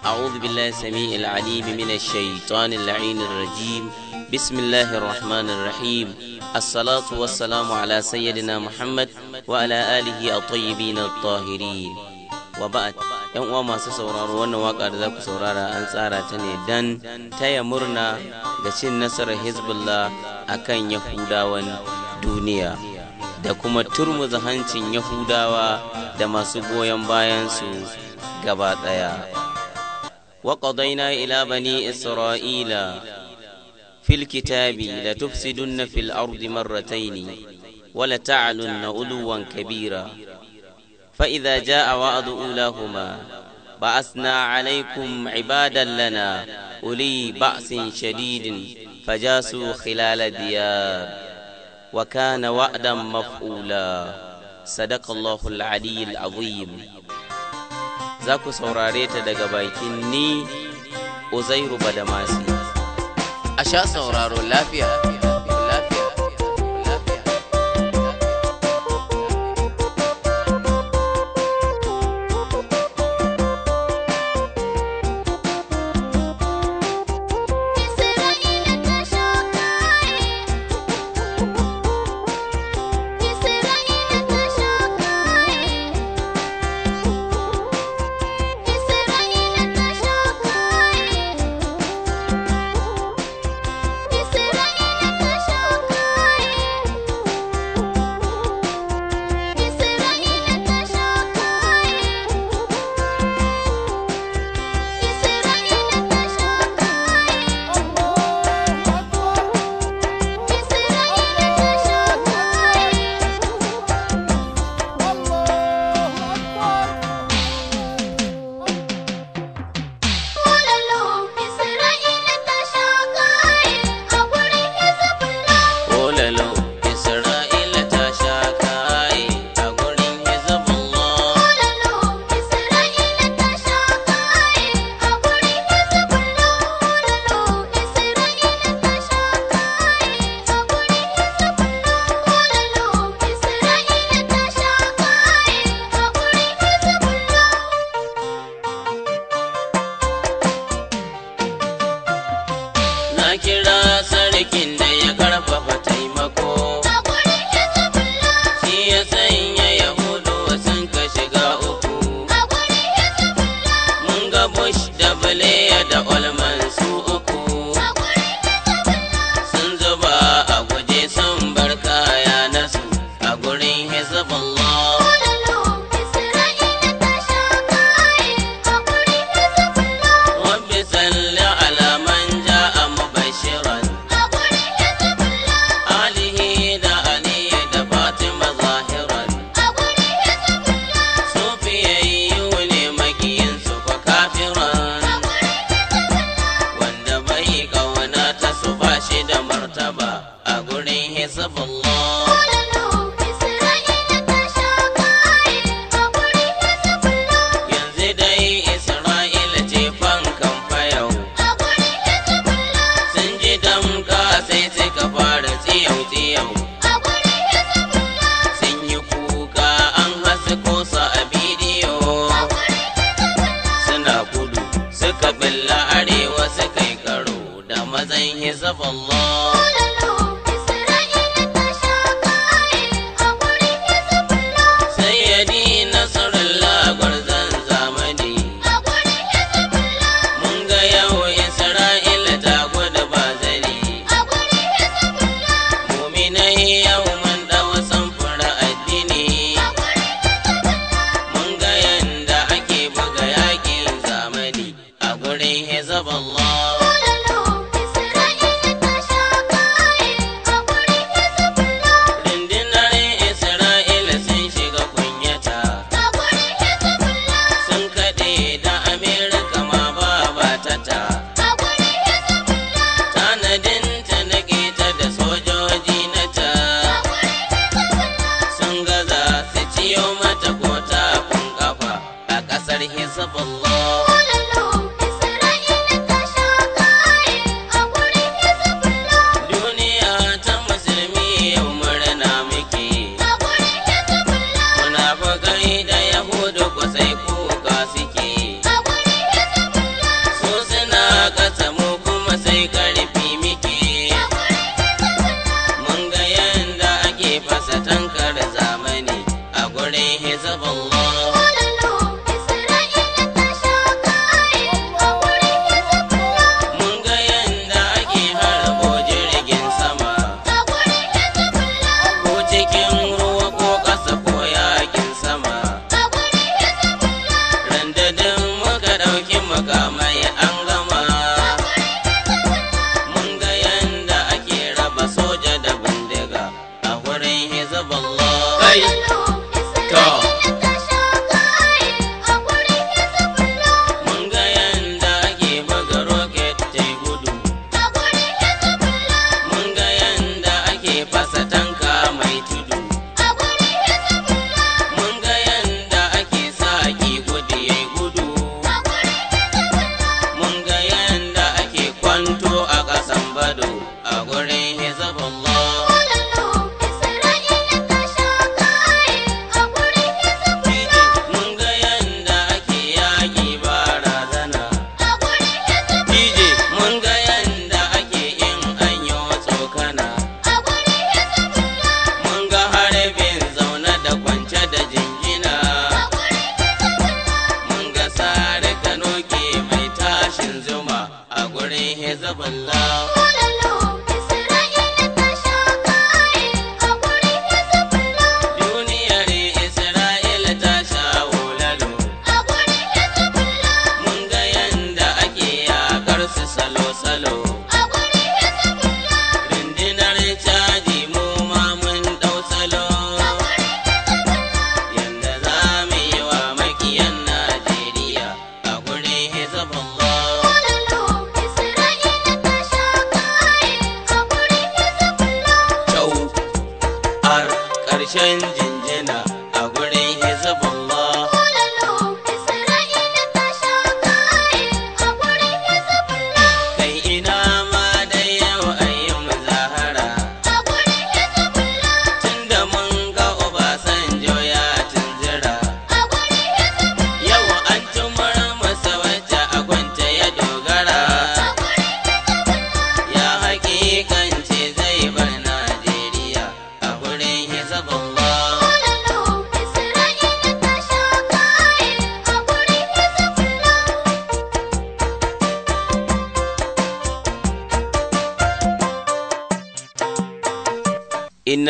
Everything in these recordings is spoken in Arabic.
أعوذ بالله السميع العليم من الشيطان اللعين الرجيم بسم الله الرحمن الرحيم الصلاة والسلام على سيدنا محمد وعلى آله الطيبين الطاهرين وبعد yan uwa masu sauraro wannan waka da za ku saurara an tsara ta ne dan taya murna ga cin nasarar hezbollah akan yahudawan duniya da kuma turmuza hancin yahudawa da masu goyon bayansu gaba ɗaya وقضينا إلى بني إسرائيل في الكتاب لتفسدن في الأرض مرتين ولتعلن علوا كبيرا فإذا جاء وعد أولاهما بعثنا عليكم عبادا لنا أولي بأس شديد فجاسوا خلال الديار وكان وعدا مفعولا صدق الله العلي العظيم za ku saurare ta daga bakin ni uzairu badamasi a sha sauraro lafiya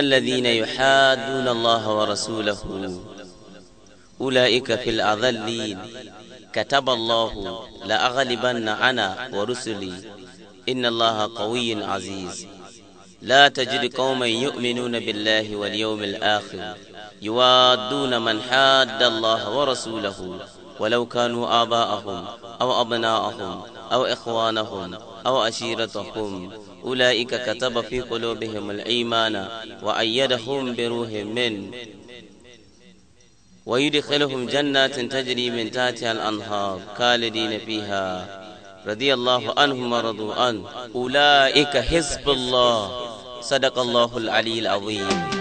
الذين يحادون الله ورسوله أولئك في الأذلين كتب الله لأغلبن أنا ورسلي إن الله قوي عزيز لا تجد قوما يؤمنون بالله واليوم الآخر يوادون من حاد الله ورسوله ولو كانوا آباءهم أو أبناءهم أو إخوانهم أو عشيرتهم أولئك كتب في قلوبهم الإيمان وأيدهم بروح من ويدخلهم جنات تجري من تحتها الأنهار خالدين فيها رضي الله عنهم ورضوا عنه أولئك حزب الله صدق الله العلي العظيم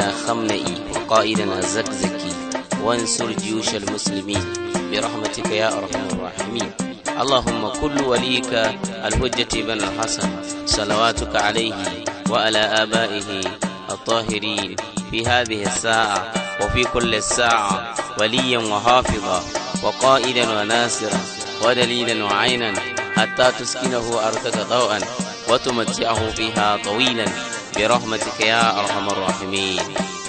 إمامنا خمئي وقائدنا زكزكي وانصر جيوش المسلمين برحمتك يا أرحم الراحمين اللهم كل وليك الحجة بن الحسن صلواتك عليه وعلى آبائه الطاهرين في هذه الساعة وفي كل الساعة وليا وحافظا وقائدا وناصرا ودليلا وعينا حتى تسكنه أرضك ضوءا وتمتعه فيها طويلا برحمتك يا أرحم الراحمين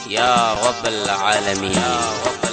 يا رب العالمين